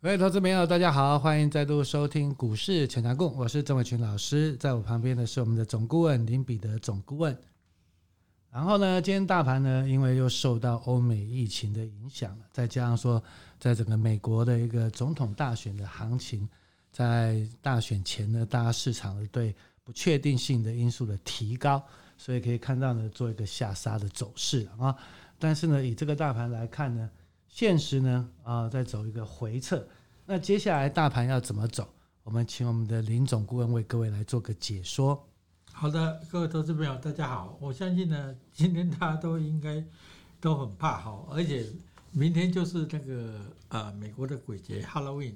各位投資朋友，大家好，歡迎再度收聽股市強強滾，我是鄭偉群老師，在我旁邊的是我們的總顧問林彼得總顧問。然後呢，今天大盤呢，因為又受到歐美疫情的影響，再加上說，在整個美國的一個總統大選的行情，在大選前呢，大家市場是對不確定性的因素的提高，所以可以看到呢，做一個下殺的走勢啊。但是呢，以這個大盤來看呢。現實呢？啊、呃，在走一個回撤。那接下來大盤要怎麼走？我們請我們的林總顧問為各位來做個解說。好的，各位投資朋友，大家好。我相信呢，今天大家都應該都很怕哈，而且明天就是那個啊、呃，美國的鬼節 Halloween，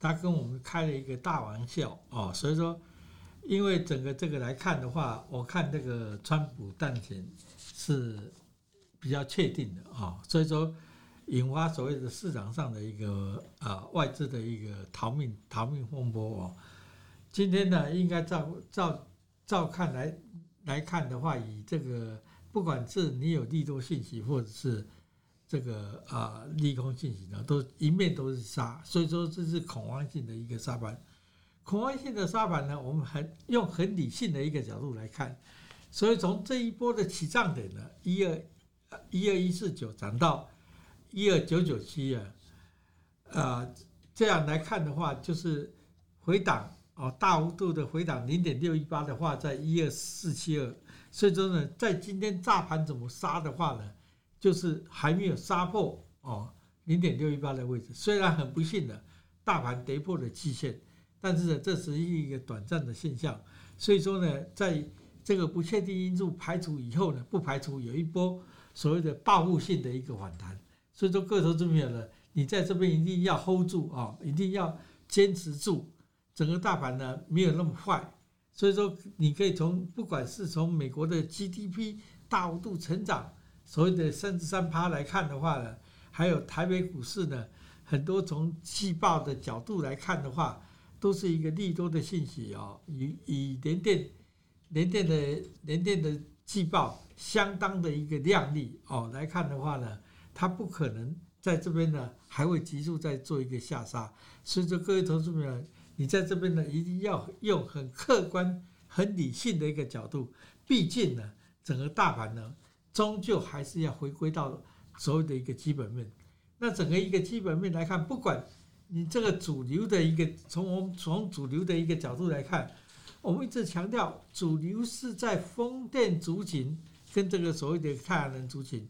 他跟我們開了一個大玩笑哦。所以說，因為整個這個來看的話，我看這個川普當前是比較確定的哦，所以說。引發所謂的市場上的一個啊、呃、外資的一個逃命逃命風波啊、哦，今天呢應該照照照看來來看的話，以這個不管是你有利多信息或者是這個啊、呃、利空信息呢，都一面都是殺，所以說，這是恐慌性的一個殺盤。恐慌性的殺盤呢，我們很用很理性的一個角度來看，所以從這一波的起漲點呢，一二一二一四九漲到。一二九九七啊，啊、呃，這樣來看的話，就是回檔哦，大幅度的回檔零點六一八的話，在一二四七二，所以說呢，在今天大盤怎麼殺的話呢，就是還沒有殺破哦零點六一八的位置。雖然很不幸的大盤跌破了季線，但是呢，這是一個短暫的現象。所以說呢，在這個不確定因素排除以後呢，不排除有一波所謂的報復性的一個反彈。所以說，個頭就沒有了，你在這邊一定要 hold 住啊，哦，一定要堅持住。整個大盤呢沒有那麼壞，所以說你可以從不管是從美國的 GDP 大幅度成長，所謂的三十三趴來看的話呢，還有台北股市呢，很多從季報的角度來看的話，都是一個利多的信息哦。以以聯電、聯電的聯電的季報相當的一個亮麗哦來看的話呢。他不可能在這邊呢，還會急速再做一個下殺。所以說，各位投資朋友，你在這邊呢，一定要用很客觀、很理性的一個角度。畢竟呢，整個大盤呢，終究還是要回歸到所謂的一個基本面。那整個一個基本面來看，不管你這個主流的一個，從我們從主流的一個角度來看，我們一直強調，主流是在風電族群跟這個所謂的太陽能族群。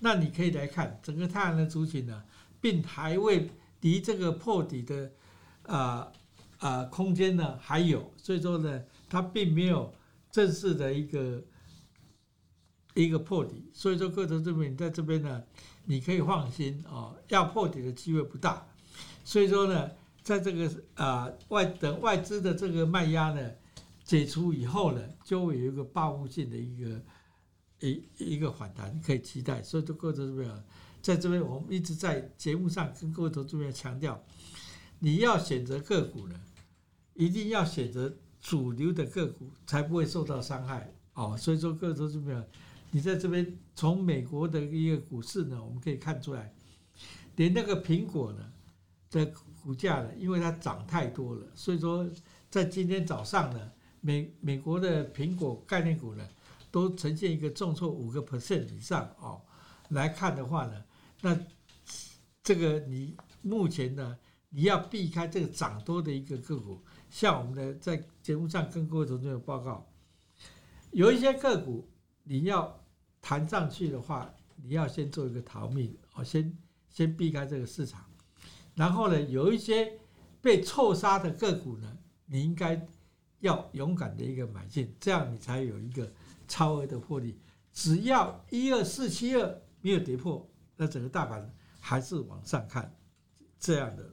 那你可以來看整個太陽的族群呢，並還未離這個破底的呃呃空間呢還有，所以說呢，它並沒有正式的一個一個破底，所以說各種，這邊你在這邊呢，你可以放心哦、呃，要破底的機會不大，所以說呢，在這個啊外、呃、等外資的這個賣壓呢解除以後呢，就會有一個報復性的一個。一一個反彈可以期待，所以說各位投資朋友，在這邊我們一直在節目上跟各位投資朋友強調，你要選擇個股呢，一定要選擇主流的個股，才不會受到傷害哦。所以說，各位投資朋友，你在這邊從美國的一個股市呢，我們可以看出來，連那個蘋果呢的股價呢，因為它漲太多了，所以說在今天早上呢，美美國的蘋果概念股呢。都呈現一個重挫五個 percent 以上哦，來看的話呢，那這個你目前呢，你要避開這個漲多的一個個股。像我們的在節目上跟各位朋友報告，有一些個股你要彈上去的話，你要先做一個逃命，哦，先先避開這個市場。然後呢，有一些被錯殺的個股呢，你應該要勇敢的一個買進，這樣你才有一個。超額的獲利，只要一二四七二沒有跌破，那整個大盤還是往上看，這樣的。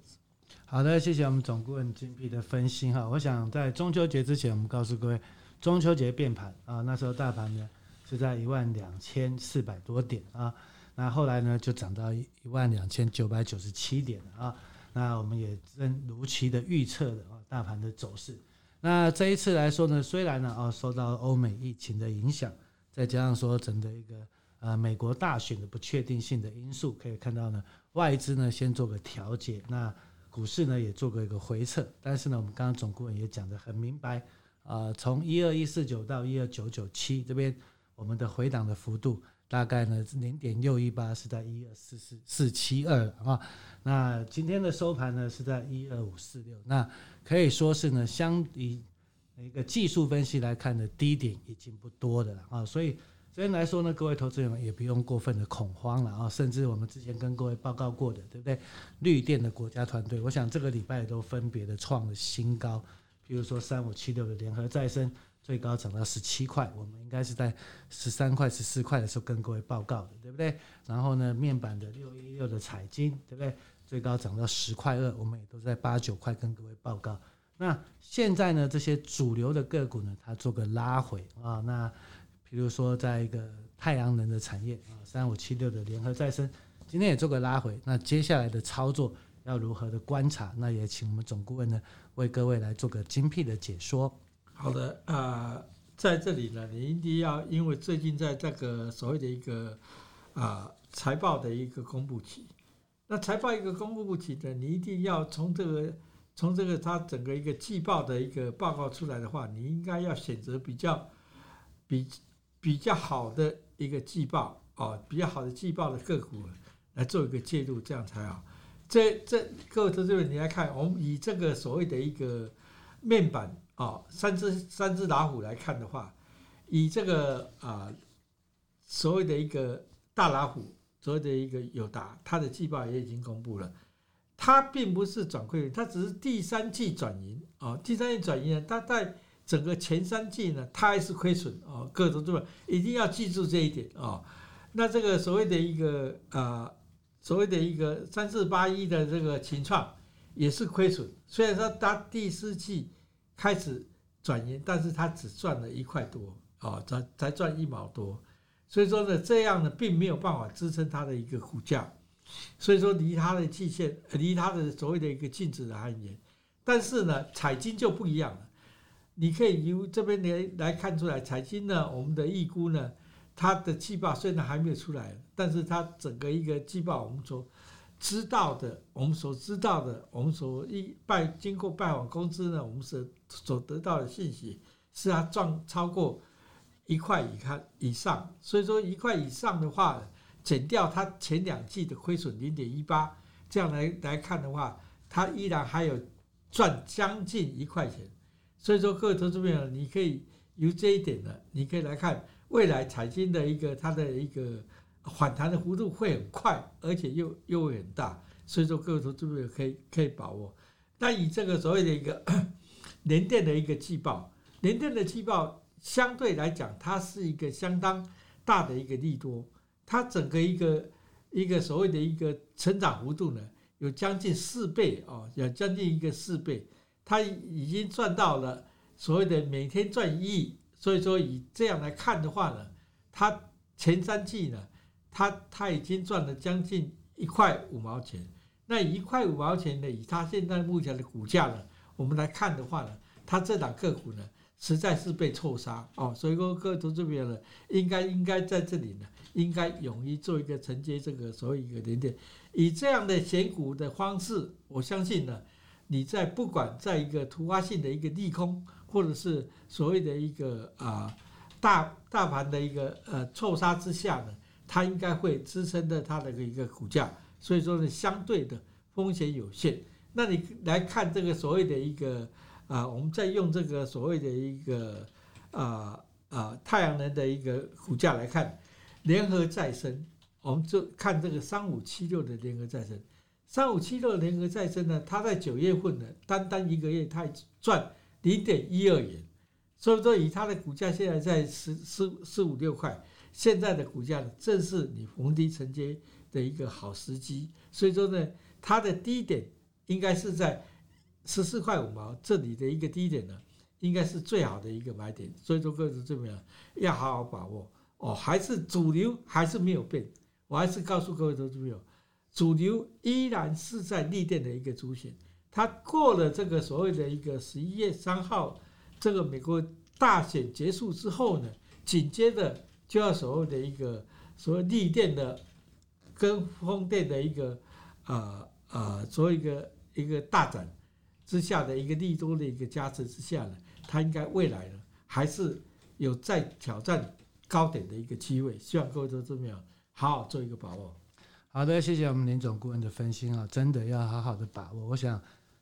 好的，謝謝我們總顧問金碧的分析哈。我想在中秋節之前，我們告訴各位，中秋節變盤啊，那時候大盤呢是在一萬兩千四百多點啊，那後來呢就漲到一萬兩千九百九十七點啊，那我們也正如期的預測了啊，大盤的走勢。那這一次來說呢，雖然呢啊、哦、受到歐美疫情的影響，再加上說整個一個呃美國大選的不確定性的因素，可以看到呢外資呢先做個調節，那股市呢也做過一個回撤，但是呢我們剛剛總顧問也講得很明白，呃從一二一四九到一二九九七這邊我們的回檔的幅度。大概呢，是零點六一八，是在一二四四四七二啊。那今天的收盤呢是在一二五四六，那可以說是呢，相比一個技術分析來看的低點已經不多的了啊。所以，這邊來說呢，各位投資人也不用過分的恐慌了啊。甚至我們之前跟各位報告過的，對不對？綠電的國家團隊，我想這個禮拜都分別的創了新高。比如說三五七六的聯合再生，最高漲到十七塊，我們應該是在十三塊、十四塊的時候跟各位報告的，對不對？然後呢，面板的六一六的彩晶，對不對？最高漲到十塊二，我們也都在八九塊跟各位報告。那現在呢，這些主流的個股呢，它做個拉回啊。那比如說在一個太陽能的產業啊，三五七六的聯合再生今天也做個拉回。那接下來的操作，要如何的觀察？那也請我們總顧問呢，為各位來做個精闢的解說。好的，呃，在這裡呢，你一定要因為最近在這個所謂的一個啊、呃、財報的一個公布期，那財報一個公布期呢，你一定要從這個從這個它整個一個季報的一個報告出來的話，你應該要選擇比較比比較好的一個季報哦，比較好的季報的個股來做一個介入，這樣才好。這這各位同志們，你來看，我們以這個所謂的一個面板啊、哦，三隻三隻老虎來看的話，以這個啊、呃、所謂的一個大老虎，所謂的一個友達，它的季報也已經公布了，它並不是轉虧，它只是第三季轉盈啊、哦，第三季轉盈呢，它在整個前三季呢，它還是虧損啊、哦，各位同志們一定要記住這一點啊、哦，那這個所謂的一個啊。呃所謂的一個三四八一的這個群創也是虧損，雖然說它第四季開始轉盈，但是它只賺了一塊多，啊、哦，才賺一毛多，所以說呢，這樣呢並沒有辦法支撐它的一個股價，所以說，離它的季線，離它的所謂的一個淨值的還遠。但是呢，彩晶就不一樣了，你可以由這邊來來看出來，彩晶呢，我們的預估呢。他的季報雖然還沒有出來，但是他整個一個季報，我們所知道的，我們所知道的，我們所一拜經過拜訪公司呢，我們所所得到的信息是他賺超過一塊以上，以上，所以說一塊以上的話，減掉他前兩季的虧損零點一八，這樣來來看的話，他依然還有賺將近一塊錢，所以說各位投資朋友，你可以由這一點呢，你可以來看。未來彩晶的一個它的一個反彈的幅度會很快，而且又又會很大，所以說各位同志，可以可以把握。那以這個所謂的一個聯電的一個季報，聯電的季報相對來講，它是一個相當大的一個利多，它整個一個一個所謂的一個成長幅度呢，有將近四倍哦，有將近一個四倍，它已經賺到了所謂的每天賺一億。所以說，以這樣來看的話呢，它前三季呢，它它已經賺了將近一塊五毛錢。那一塊五毛錢呢，以它現在目前的股價呢，我們來看的話呢，它這檔個股呢，實在是被錯殺哦。所以說，各位這邊呢，應該應該在這裡呢，應該勇於做一個承接這個所謂一個點點。以這樣的選股的方式，我相信呢，你在不管在一個突發性的一個利空，或者是所謂的一個啊，大大盤的一個呃，錯殺之下呢，它應該會支撐的它的一個股價，所以說呢，相對的風險有限。那你來看這個所謂的一個啊，我們再用這個所謂的一個啊啊、呃呃、太陽能的一個股價來看，聯合再生，我們就看這個三五七六的聯合再生，三五七六聯合再生呢，它在九月份的，單單一個月它賺。零點一二元，所以說以它的股價現在在十十十五六塊，現在的股價正是你逢低承接的一個好時機。所以說呢，它的低點應該是在十四塊五毛這裡的一個低點呢、啊，應該是最好的一個買點。所以說各位同志們要好好把握哦。還是主流還是沒有變，我還是告訴各位投資朋友，主流依然是在鋰電的一個主線。他過了這個所謂的一個十一月三號，這個美國大選結束之後呢，緊接着就要所謂的一個所謂利電的跟風電的一個呃呃所謂一個一個大展之下的一個利多的一個加持之下呢，他應該未來呢還是有再挑戰高點的一個機會。希望各位都這麼樣，好好做一個把握。好的，謝謝我們林總顧問的分析啊，真的要好好的把握。我想。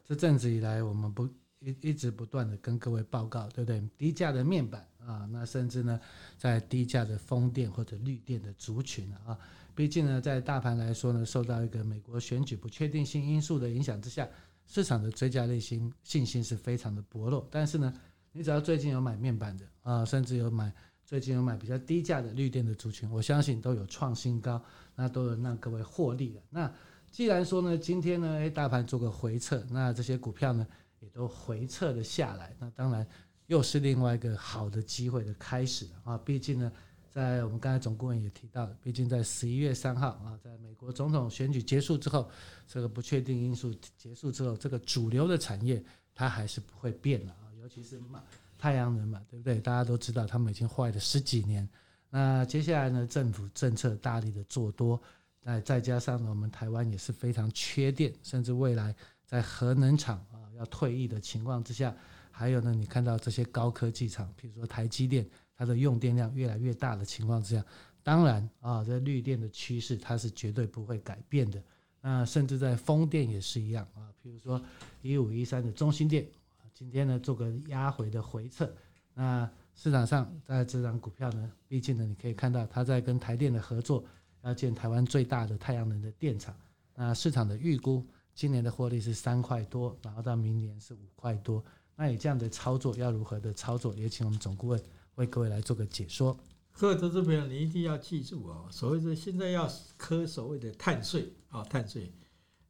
這陣子以來，我們不一一直不斷的跟各位報告，對不對？低價的面板啊，那甚至呢，在低價的風電或者綠電的族群啊，畢竟呢，在大盤來說呢，受到一個美國選舉不確定性因素的影響之下，市場的追價類型信，信心是非常的薄弱。但是呢，你只要最近有買面板的啊，甚至有買最近有買比較低價的綠電的族群，我相信都有創新高，那都能讓各位獲利的。那。既然說呢，今天呢，哎，大盤做個回撤，那這些股票呢，也都回撤了下來，那當然又是另外一個好的機會的開始了啊。畢竟呢，在我們剛才總顧問也提到，畢竟在十一月三號啊，在美國總統選舉結束之後，這個不確定因素結束之後，這個主流的產業它還是不會變的啊，尤其是嘛，太陽能嘛，對不對？大家都知道，它們已經壞了十幾年，那接下來呢，政府政策大力的做多。那再加上我們台灣也是非常缺電，甚至未來在核能廠啊要退役的情況之下，還有呢，你看到這些高科技廠，比如說台積電，它的用電量越來越大的情況之下，當然啊，這綠電的趨勢它是絕對不會改變的。那甚至在風電也是一樣啊，比如說一五一三的中興電，今天呢做個壓回的回撤。那市場上在這張股票呢，畢竟呢，你可以看到它在跟台電的合作。要建台灣最大的太陽能的電廠，那市場的預估今年的獲利是三塊多，然後到明年是五塊多。那你這樣的操作要如何的操作？也請我們總顧問為各位來做個解說。各位投資朋友，你一定要記住哦，所謂的現在要科所謂的碳稅啊、哦，碳稅。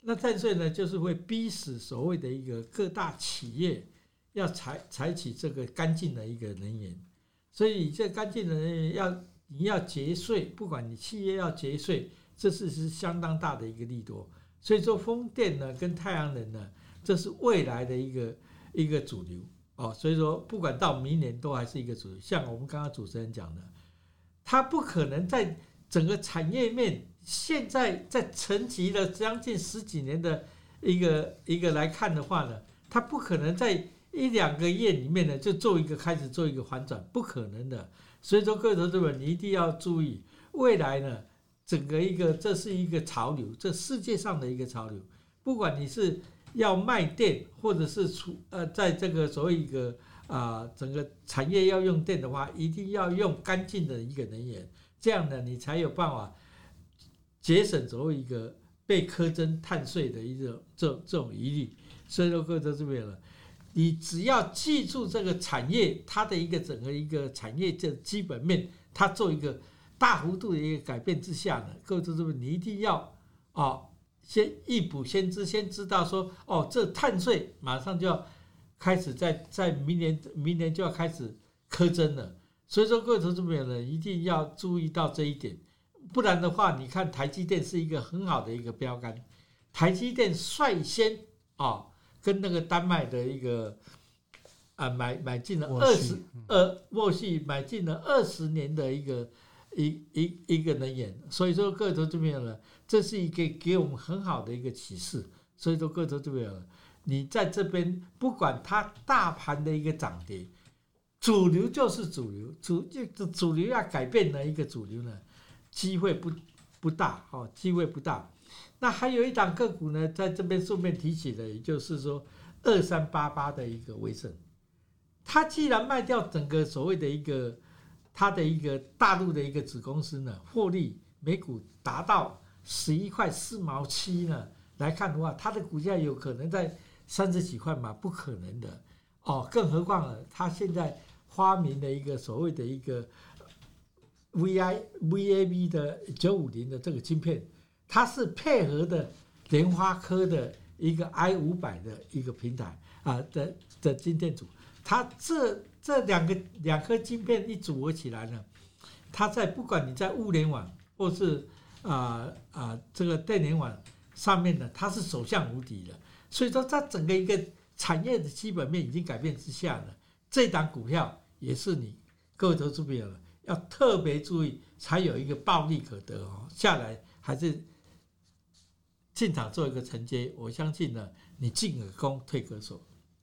那碳稅呢，就是會逼死所謂的一個各大企業要採採取這個乾淨的一個能源，所以這乾淨的能源要。你要節稅，不管你企業要節稅，這是是相當大的一個利多。所以說，風電呢跟太陽能呢，這是未來的一個一個主流哦。所以說，不管到明年都還是一個主流。像我們剛剛主持人講的，它不可能在整個產業面現在在沉寂了將近十幾年的一個一個來看的話呢，它不可能在一兩個月裡面呢就做一個開始做一個反轉，不可能的。所以說，各位投資人，你一定要注意未來呢，整個一個這是一個潮流，這世界上的一個潮流。不管你是要賣電，或者是出呃，在這個所謂一個啊、呃，整個產業要用電的話，一定要用乾淨的一個能源，這樣呢，你才有辦法節省所謂一個被苛徵碳稅的一種這這種疑慮。所以說，各位投資人了。你只要記住這個產業，它的一個整個一個產業的基本面，它做一個大幅度的一個改變之下呢，各位同志們，你一定要啊、哦，先一步先知，先知道說，哦，這碳稅馬上就要開始在在明年，明年就要開始課徵了。所以說，各位同志們呢，一定要注意到這一點，不然的話，你看台積電是一個很好的一個標杆，台積電率先啊。哦跟那個丹麥的一個啊買買進了二十，呃，沃系買進了二十年的一個一一一個能源，所以說各位投資朋友呢，這是一個給我們很好的一個啟示。所以說各位投資朋友呢，你在這邊不管它大盤的一個漲跌，主流就是主流，主這主流要改變的一個主流呢，機會不不大，好、哦、機會不大。那還有一檔個股呢，在這邊順便提起的，也就是說，二三八八的一個威盛它既然賣掉整個所謂的一個，它的一個大陸的一個子公司呢，獲利每股達到十一塊四毛七呢，來看的話，它的股價有可能在三十幾塊嘛？不可能的哦，更何況呢，它現在發明了一的一個所謂的一個 V I V A B 的九五零的這個晶片。它是配合的聯發科的一個 I 五百的一個平台啊的的晶片組，它這這兩個兩顆晶片一組合起來呢，它在不管你在物聯網或是啊啊、呃呃、這個電聯網上面呢，它是所向無敵的。所以說，在整個一個產業的基本面已經改變之下呢，這檔股票也是你各位投資朋友要特別注意，才有一個暴利可得哦。下來還是。進場做一個承接，我相信呢，你進可攻，退可守。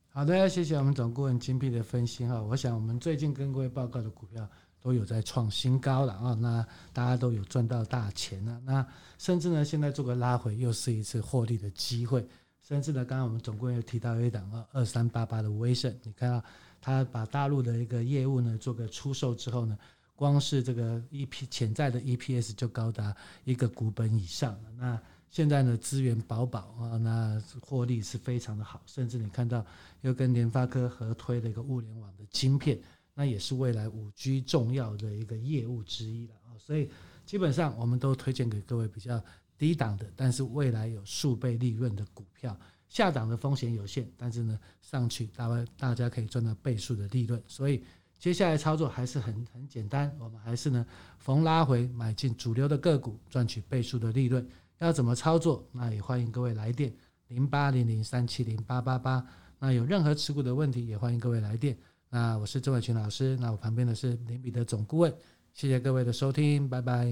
好的，謝謝我們總顧問精闢的分析哈。我想我們最近跟各位報告的股票都有在創新高了啊，那大家都有賺到大錢了。那甚至呢，現在做個拉回，又是一次獲利的機會。甚至呢，剛剛我們總顧問又提到有一檔二三八八的威盛，你看到他把大陸的一個業務呢做個出售之後呢，光是這個 E P 潛在的 E P S 就高達一個股本以上那現在呢，資源飽飽啊，那獲利是非常的好，甚至你看到又跟聯發科合推了一個物聯網的晶片，那也是未來五 G 重要的一個業務之一了啊。所以基本上我們都推薦給各位比較低檔的，但是未來有數倍利潤的股票，下檔的風險有限，但是呢上去大概大家可以賺到倍數的利潤。所以接下來操作還是很很簡單，我們還是呢逢拉回買進主流的個股，賺取倍數的利潤。要怎麼操作？那也歡迎各位來電零八零零三七零八八八。8888, 那有任何持股的問題，也歡迎各位來電。那我是鄭偉群老師，那我旁邊的是林彼得總顧問。謝謝各位的收聽，拜拜，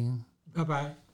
拜拜。